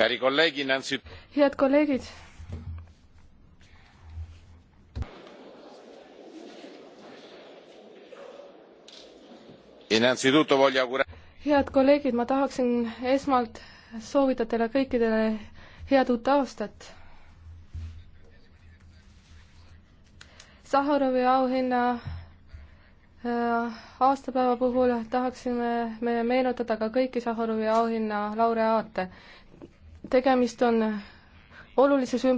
head kolleegid head kolleegid ma tahaksin esmalt soovida teile kõikidele head uut aastat Sahharovi auhinna äh, aastapäeva puhul tahaksime me meenutada ka kõiki Sahharovi auhinna laureaate tegemist on olulise sümboliga.